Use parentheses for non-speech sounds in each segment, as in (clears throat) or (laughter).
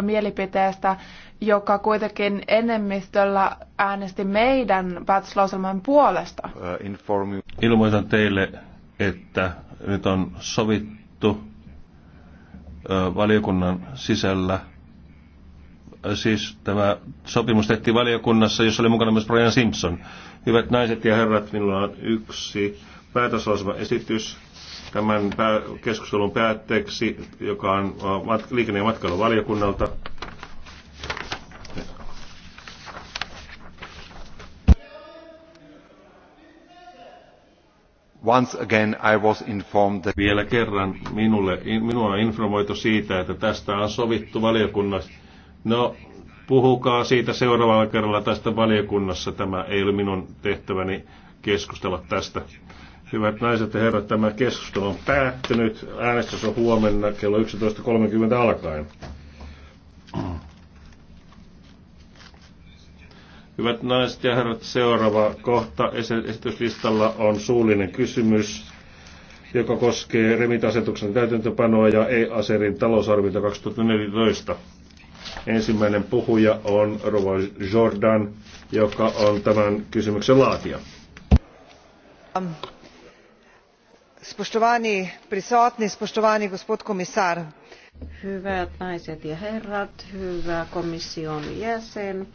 mielipiteestä, joka kuitenkin enemmistöllä äänesti meidän päätöslauselman puolesta. Uh, Ilmoitan teille, että nyt on sovittu uh, valiokunnan sisällä. Uh, siis tämä sopimus tehtiin valiokunnassa, jossa oli mukana myös Brian Simpson. Hyvät naiset ja herrat, minulla on yksi päätöslauselman esitys Tämän keskustelun päätteeksi, joka on liikenne- ja matkailuvaliokunnalta, Once again I was informed that... Vielä kerran minulle, minua on informoitu siitä, että tästä on sovittu valiokunnassa. No, puhukaa siitä seuraavalla kerralla tästä valiokunnassa. Tämä ei ole minun tehtäväni keskustella tästä. Hyvät naiset ja herrat, tämä keskustelu on päättynyt. Äänestys on huomenna kello 11.30 alkaen. Hyvät naiset ja herrat, seuraava kohta esityslistalla on suullinen kysymys, joka koskee remitasetuksen täytäntöpanoa ja E-aserin talousarviota 2014. Ensimmäinen puhuja on Rova Jordan, joka on tämän kysymyksen laatija. Um spoštovani prisotni spoštovani gospod komisar hyvät naiset ja herrat hyvä komission jäsen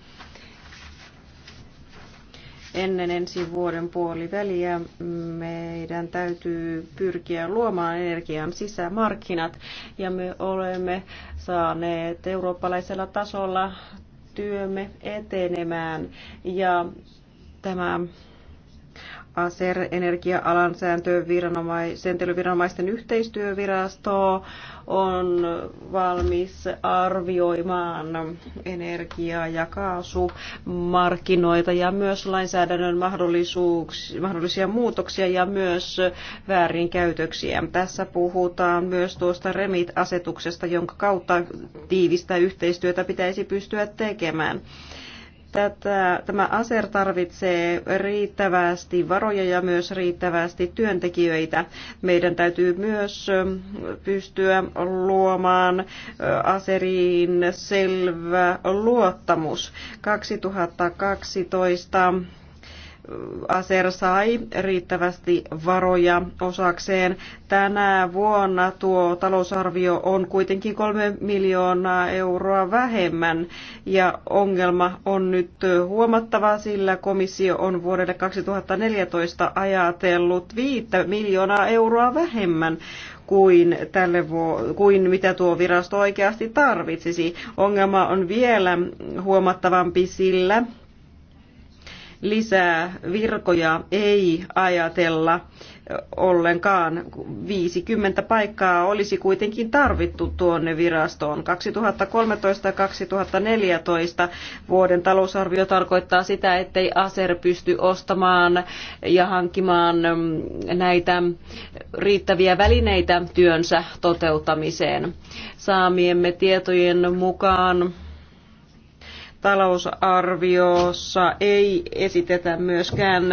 ennen ensi vuoden puoliväliä meidän täytyy pyrkiä luomaan energian sisämarkkinat ja me olemme saaneet eurooppalaisella tasolla työmme etenemään ja tämä ACER, energia alan sääntelyviranomaisten yhteistyövirasto on valmis arvioimaan energia- ja kaasumarkkinoita ja myös lainsäädännön mahdollisia muutoksia ja myös väärinkäytöksiä. Tässä puhutaan myös tuosta REMIT-asetuksesta, jonka kautta tiivistä yhteistyötä pitäisi pystyä tekemään. Tätä, tämä ASER tarvitsee riittävästi varoja ja myös riittävästi työntekijöitä. Meidän täytyy myös ähm, pystyä luomaan äh, ASERiin selvä luottamus. 2012 Aser sai riittävästi varoja osakseen. Tänä vuonna tuo talousarvio on kuitenkin kolme miljoonaa euroa vähemmän ja ongelma on nyt huomattava, sillä komissio on vuodelle 2014 ajatellut 5 miljoonaa euroa vähemmän kuin, tälle vu- kuin mitä tuo virasto oikeasti tarvitsisi. Ongelma on vielä huomattavampi sillä, lisää virkoja ei ajatella ollenkaan. 50 paikkaa olisi kuitenkin tarvittu tuonne virastoon. 2013-2014 vuoden talousarvio tarkoittaa sitä, ettei ASER pysty ostamaan ja hankkimaan mm, näitä riittäviä välineitä työnsä toteuttamiseen. Saamiemme tietojen mukaan talousarviossa ei esitetä myöskään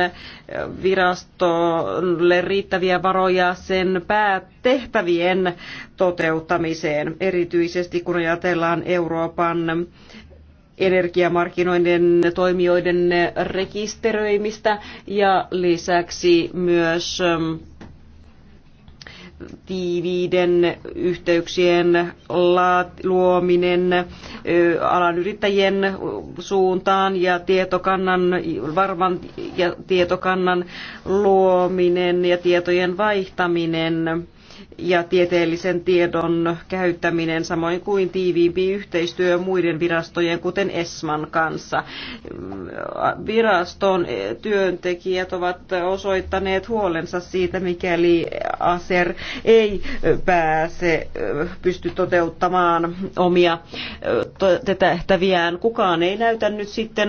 virastolle riittäviä varoja sen päätehtävien toteuttamiseen, erityisesti kun ajatellaan Euroopan energiamarkkinoiden toimijoiden rekisteröimistä ja lisäksi myös tiiviiden yhteyksien luominen alan yrittäjien suuntaan ja tietokannan, varman ja tietokannan luominen ja tietojen vaihtaminen ja tieteellisen tiedon käyttäminen, samoin kuin tiiviimpi yhteistyö muiden virastojen, kuten ESMAN kanssa. Viraston työntekijät ovat osoittaneet huolensa siitä, mikäli ASER ei pääse pysty toteuttamaan omia tehtäviään. Kukaan ei näytä nyt sitten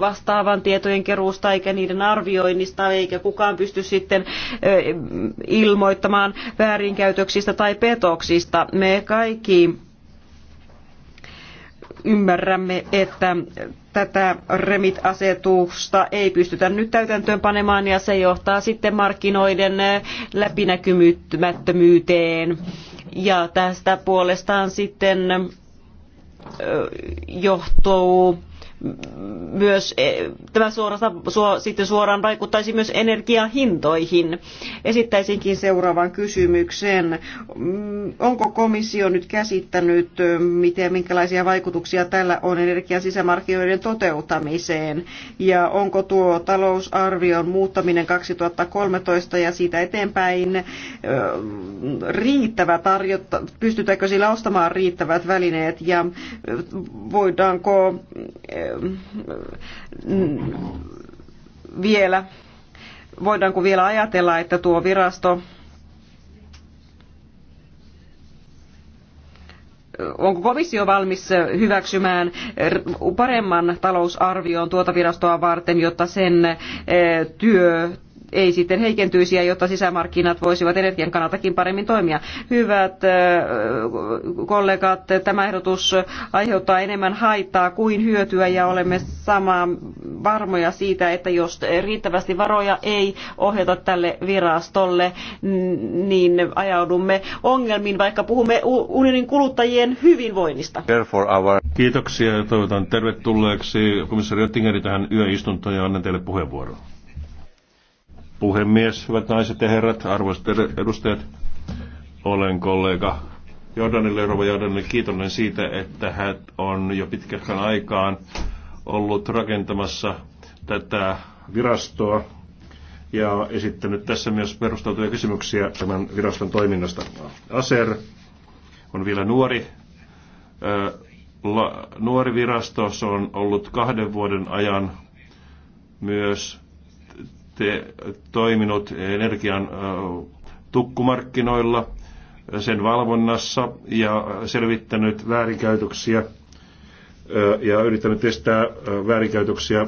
vastaavan tietojen keruusta eikä niiden arvioinnista, eikä kukaan pysty sitten ilmoittamaan väärin väärinkäytöksistä tai petoksista. Me kaikki ymmärrämme, että tätä remit-asetusta ei pystytä nyt täytäntöönpanemaan panemaan ja se johtaa sitten markkinoiden läpinäkymättömyyteen. Ja tästä puolestaan sitten johtuu myös, e, tämä suorasta, sitten suoraan vaikuttaisi myös energiahintoihin. Esittäisinkin seuraavan kysymyksen. Mm, onko komissio nyt käsittänyt, miten, minkälaisia vaikutuksia tällä on energian sisämarkkinoiden toteuttamiseen? Ja onko tuo talousarvion muuttaminen 2013 ja siitä eteenpäin riittävä tarjota, pystytäänkö sillä ostamaan riittävät välineet ja voidaanko Mm, vielä, voidaanko vielä ajatella, että tuo virasto onko komissio valmis hyväksymään paremman talousarvion tuota virastoa varten, jotta sen eh, työ ei sitten heikentyisi ja jotta sisämarkkinat voisivat energian kannaltakin paremmin toimia. Hyvät kollegat, tämä ehdotus aiheuttaa enemmän haittaa kuin hyötyä ja olemme samaa varmoja siitä, että jos riittävästi varoja ei ohjata tälle virastolle, niin ajaudumme ongelmiin, vaikka puhumme unionin kuluttajien hyvinvoinnista. Kiitoksia ja toivotan tervetulleeksi komissaari Oettingeri tähän yöistuntoon ja annan teille puheenvuoron puhemies, hyvät naiset ja herrat, arvoisat edustajat. Olen kollega Jordanille, Rova Jordanille kiitollinen siitä, että hän on jo pitkän aikaan ollut rakentamassa tätä virastoa ja esittänyt tässä myös perusteltuja kysymyksiä tämän viraston toiminnasta. ASER on vielä nuori, nuori virasto, se on ollut kahden vuoden ajan myös toiminut energian tukkumarkkinoilla, sen valvonnassa ja selvittänyt väärinkäytöksiä ja yrittänyt estää väärinkäytöksiä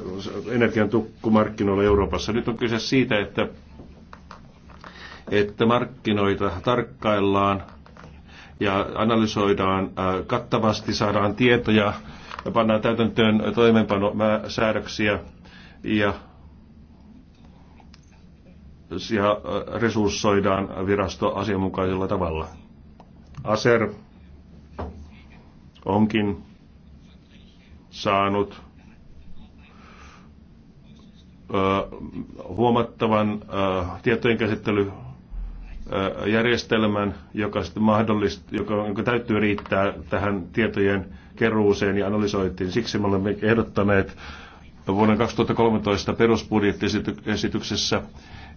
energian tukkumarkkinoilla Euroopassa. Nyt on kyse siitä, että, että markkinoita tarkkaillaan ja analysoidaan kattavasti, saadaan tietoja ja pannaan täytäntöön toimeenpanosäädöksiä ja ja resurssoidaan virasto asianmukaisella tavalla. ASER onkin saanut huomattavan tietojenkäsittelyjärjestelmän, joka, joka, joka täytyy riittää tähän tietojen keruuseen ja analysointiin. Siksi me olemme ehdottaneet Vuonna 2013 perusbudjettiesityksessä,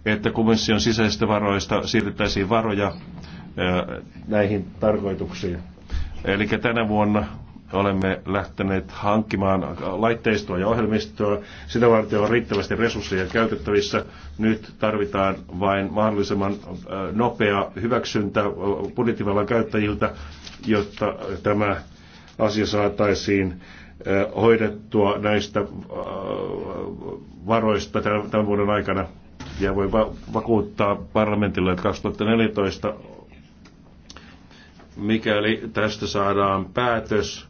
että komission sisäisistä varoista siirrettäisiin varoja näihin tarkoituksiin. Eli tänä vuonna olemme lähteneet hankkimaan laitteistoa ja ohjelmistoa. Sitä varten on riittävästi resursseja käytettävissä. Nyt tarvitaan vain mahdollisimman nopea hyväksyntä budjettivallan käyttäjiltä, jotta tämä asia saataisiin hoidettua näistä varoista tämän vuoden aikana. Ja voi vakuuttaa parlamentille, että 2014, mikäli tästä saadaan päätös,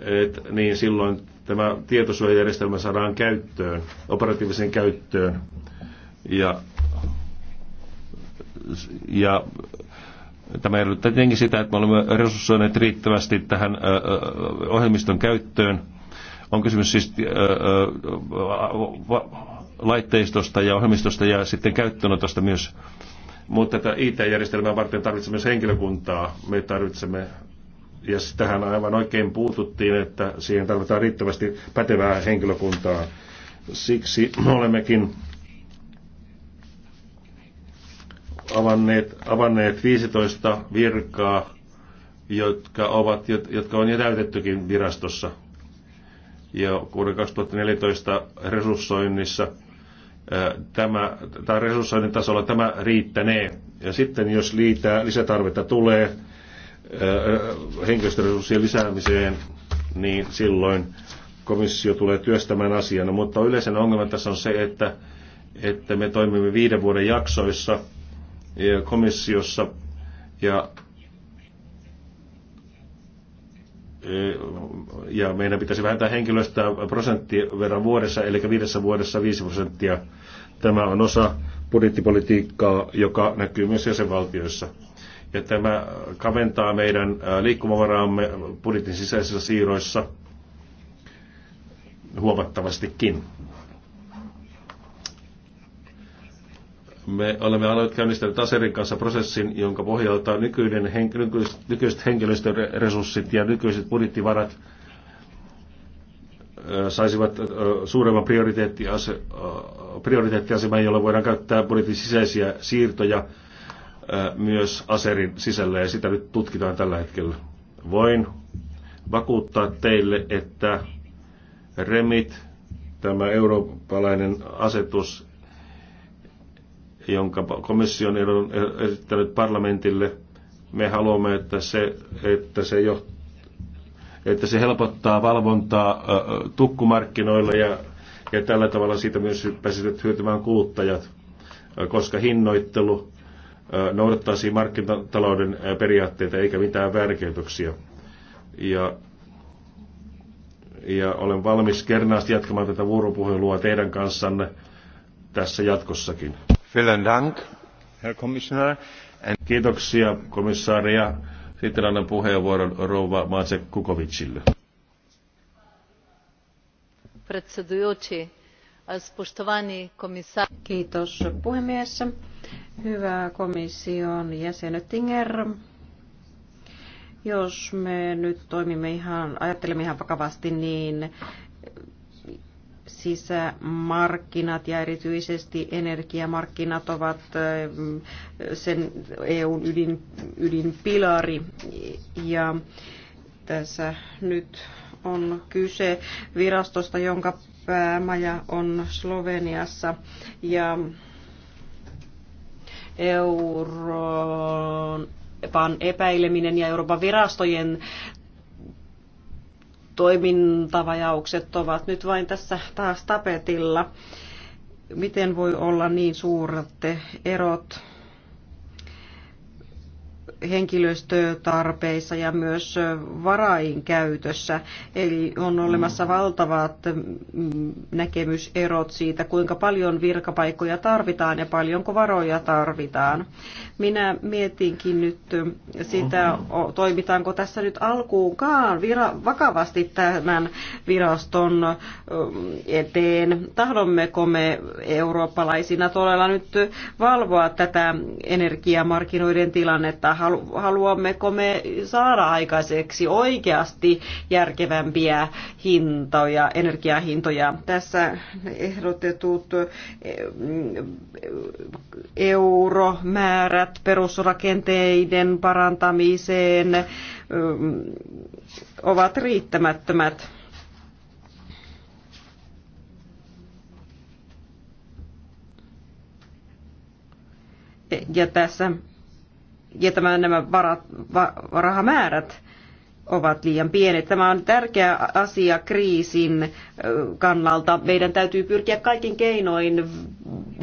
et, niin silloin tämä tietosuojajärjestelmä saadaan käyttöön, operatiiviseen käyttöön. Ja, ja Tämä edellyttää tietenkin sitä, että me olemme resurssoineet riittävästi tähän ohjelmiston käyttöön. On kysymys siis laitteistosta ja ohjelmistosta ja sitten käyttöönotosta myös. Mutta tätä IT-järjestelmää varten tarvitsemme myös henkilökuntaa. Me tarvitsemme, ja tähän aivan oikein puututtiin, että siihen tarvitaan riittävästi pätevää henkilökuntaa. Siksi (clears throat) olemmekin avanneet, avanneet 15 virkaa, jotka, ovat, jotka on jo täytettykin virastossa. Ja vuoden 2014 resurssoinnissa tämä, tai resurssoinnin tasolla tämä riittänee. Ja sitten jos liitää, lisätarvetta tulee henkilöstöresurssien lisäämiseen, niin silloin komissio tulee työstämään asiana. Mutta yleisen ongelma tässä on se, että, että me toimimme viiden vuoden jaksoissa – komissiossa ja ja meidän pitäisi vähentää henkilöstöä prosenttien verran vuodessa, eli viidessä vuodessa 5 prosenttia. Tämä on osa budjettipolitiikkaa, joka näkyy myös jäsenvaltioissa. Ja tämä kaventaa meidän liikkumavaraamme budjetin sisäisissä siirroissa huomattavastikin. Me olemme käynnistäneet Aserin kanssa prosessin, jonka pohjalta nykyinen henk- nykyiset, nykyiset henkilöstöresurssit ja nykyiset budjettivarat saisivat suuremman prioriteettiase- prioriteettiaseman, jolla voidaan käyttää budjetin sisäisiä siirtoja myös Aserin sisällä, ja sitä nyt tutkitaan tällä hetkellä. Voin vakuuttaa teille, että REMIT, tämä eurooppalainen asetus jonka komissio on er- esittänyt parlamentille. Me haluamme, että se, että se, jo, että se helpottaa valvontaa tukkumarkkinoilla ja, ja tällä tavalla siitä myös pääsevät hyötymään kuluttajat, koska hinnoittelu noudattaisiin markkinatalouden periaatteita eikä mitään väärinkäytöksiä. Ja, ja olen valmis kernaasti jatkamaan tätä vuoropuhelua teidän kanssanne tässä jatkossakin. Kiitoksia komissaari ja sitten annan puheenvuoron rouva Mace Kukovicille. Kiitos puhemies. Hyvä komission jäsen Oettinger. Jos me nyt toimimme ihan, ajattelemme ihan vakavasti, niin sisämarkkinat ja erityisesti energiamarkkinat ovat sen EUn ydin, ydinpilari. Ja tässä nyt on kyse virastosta, jonka päämaja on Sloveniassa. Ja Euroopan epäileminen ja Euroopan virastojen toimintavajaukset ovat nyt vain tässä taas tapetilla. Miten voi olla niin suuret erot henkilöstötarpeissa ja myös varain käytössä. Eli on olemassa mm. valtavat mm, näkemyserot siitä, kuinka paljon virkapaikkoja tarvitaan ja paljonko varoja tarvitaan. Minä mietinkin nyt sitä, mm-hmm. toimitaanko tässä nyt alkuunkaan vira- vakavasti tämän viraston eteen. Tahdommeko me eurooppalaisina todella nyt valvoa tätä energiamarkkinoiden tilannetta haluammeko me saada aikaiseksi oikeasti järkevämpiä hintoja, energiahintoja. Tässä ehdotetut eh, euromäärät perusrakenteiden parantamiseen eh, ovat riittämättömät. Ja tässä ja tämä, nämä varat, va, rahamäärät ovat liian pienet. Tämä on tärkeä asia kriisin kannalta. Meidän täytyy pyrkiä kaikin keinoin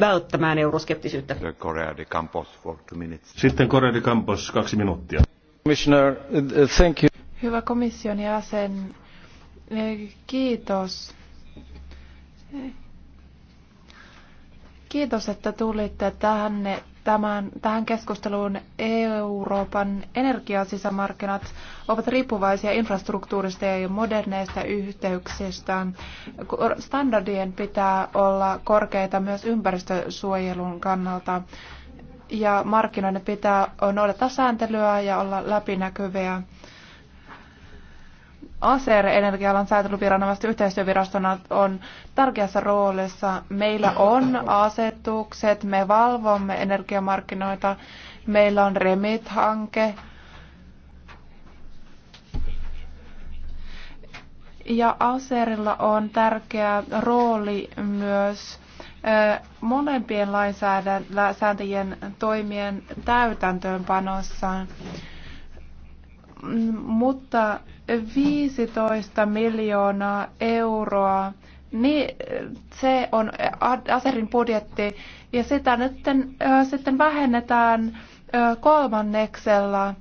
välttämään euroskeptisyyttä. Sitten Korea de Campos, kaksi minuuttia. Commissioner, uh, uh, thank you. Hyvä komission jäsen, eh, kiitos. Eh, kiitos, että tulitte tänne tämän, tähän keskusteluun Euroopan energiasisämarkkinat ovat riippuvaisia infrastruktuurista ja moderneista yhteyksistä. Standardien pitää olla korkeita myös ympäristösuojelun kannalta ja markkinoiden pitää noudattaa sääntelyä ja olla läpinäkyviä. ACR energialan säätelyviranomaisten yhteistyövirastona, on tärkeässä roolissa. Meillä on asetukset, me valvomme energiamarkkinoita, meillä on REMIT-hanke. Ja ACRilla on tärkeä rooli myös molempien lainsäätäjien toimien täytäntöönpanossa. Mutta 15 miljoonaa euroa. Niin, se on Aserin budjetti ja sitä nyt sitten vähennetään kolmanneksella.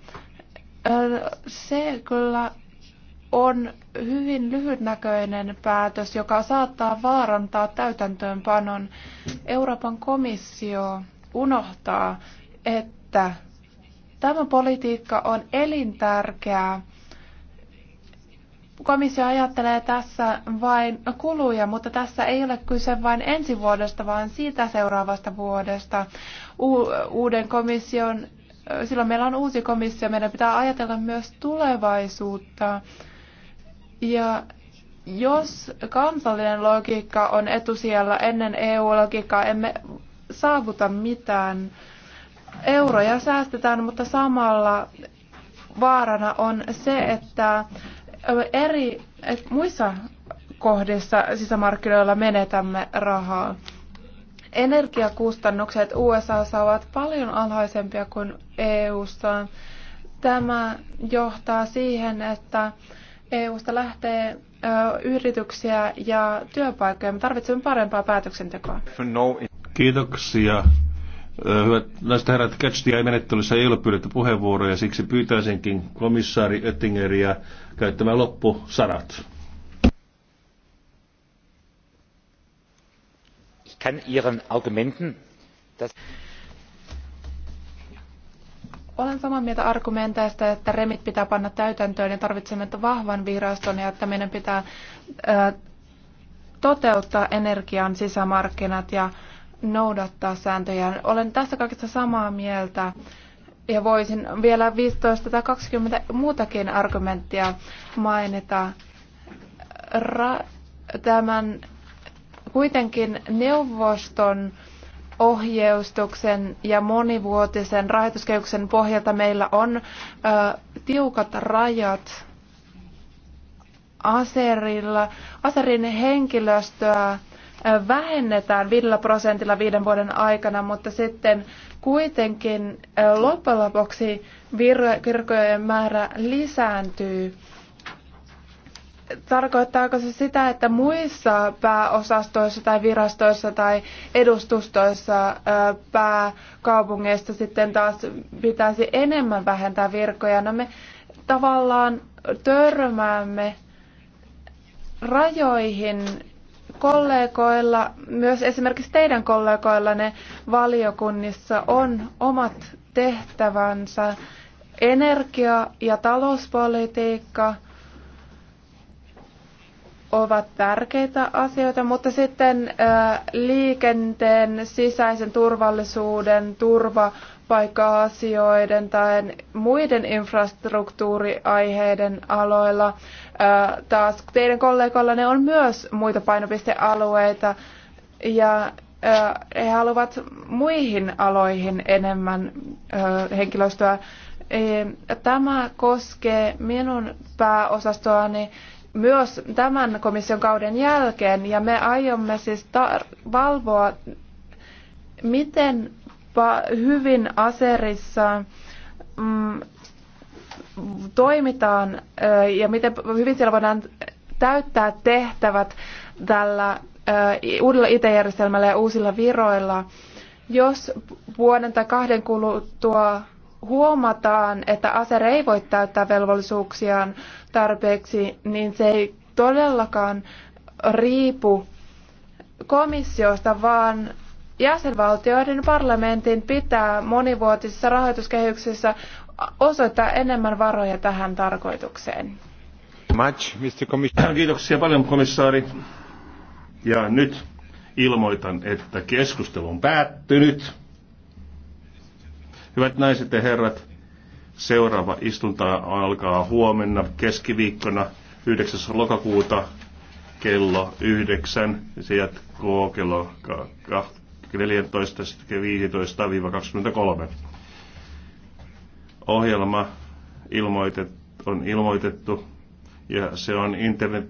Se kyllä on hyvin lyhytnäköinen päätös, joka saattaa vaarantaa täytäntöönpanon. Euroopan komissio unohtaa, että tämä politiikka on elintärkeää komissio ajattelee tässä vain kuluja, mutta tässä ei ole kyse vain ensi vuodesta, vaan siitä seuraavasta vuodesta. uuden komission, silloin meillä on uusi komissio, meidän pitää ajatella myös tulevaisuutta. Ja jos kansallinen logiikka on etusijalla ennen EU-logiikkaa, emme saavuta mitään. Euroja säästetään, mutta samalla vaarana on se, että eri, et muissa kohdissa sisämarkkinoilla menetämme rahaa. Energiakustannukset USA ovat paljon alhaisempia kuin EUssa. Tämä johtaa siihen, että EUsta lähtee yrityksiä ja työpaikkoja. Me tarvitsemme parempaa päätöksentekoa. No Kiitoksia. Hyvät naiset herrat, catch-menettelyssä ei ole pyydetty puheenvuoroja, siksi pyytäisinkin komissaari Oettingeriä käyttämään loppusanat. Ich kann Ihren Argumenten, dass olen samaa mieltä argumenteista, että remit pitää panna täytäntöön ja tarvitsemme vahvan viraston ja että meidän pitää toteuttaa energian sisämarkkinat ja noudattaa sääntöjä. Olen tässä kaikessa samaa mieltä ja voisin vielä 15 tai 20 muutakin argumenttia mainita. Ra- tämän kuitenkin neuvoston ohjeustuksen ja monivuotisen rahoituskehyksen pohjalta meillä on ö, tiukat rajat Aserilla, Aserin henkilöstöä vähennetään 5 prosentilla viiden vuoden aikana, mutta sitten kuitenkin loppujen lopuksi kirkkojen määrä lisääntyy. Tarkoittaako se sitä, että muissa pääosastoissa tai virastoissa tai edustustoissa pääkaupungeista sitten taas pitäisi enemmän vähentää virkoja? No me tavallaan törmäämme rajoihin kollegoilla, myös esimerkiksi teidän kollegoillanne valiokunnissa on omat tehtävänsä energia- ja talouspolitiikka ovat tärkeitä asioita, mutta sitten liikenteen sisäisen turvallisuuden turva työpaikka asioiden tai muiden infrastruktuuriaiheiden aloilla. Taas teidän kollegoillanne on myös muita painopistealueita ja he haluavat muihin aloihin enemmän henkilöstöä. E, tämä koskee minun pääosastoani myös tämän komission kauden jälkeen ja me aiomme siis valvoa, miten hyvin aserissa mm, toimitaan ja miten hyvin siellä voidaan täyttää tehtävät tällä uudella IT-järjestelmällä ja uusilla viroilla. Jos vuoden tai kahden kuluttua huomataan, että aser ei voi täyttää velvollisuuksiaan tarpeeksi, niin se ei todellakaan riipu komissiosta, vaan jäsenvaltioiden parlamentin pitää monivuotisissa rahoituskehyksissä osoittaa enemmän varoja tähän tarkoitukseen. Äh, kiitoksia paljon komissaari. Ja nyt ilmoitan, että keskustelu on päättynyt. Hyvät naiset ja herrat, seuraava istunta alkaa huomenna keskiviikkona 9. lokakuuta kello 9. Se jatkuu kello 2. 14, sitten 15-23. Ohjelma ilmoitet, on ilmoitettu ja se on internet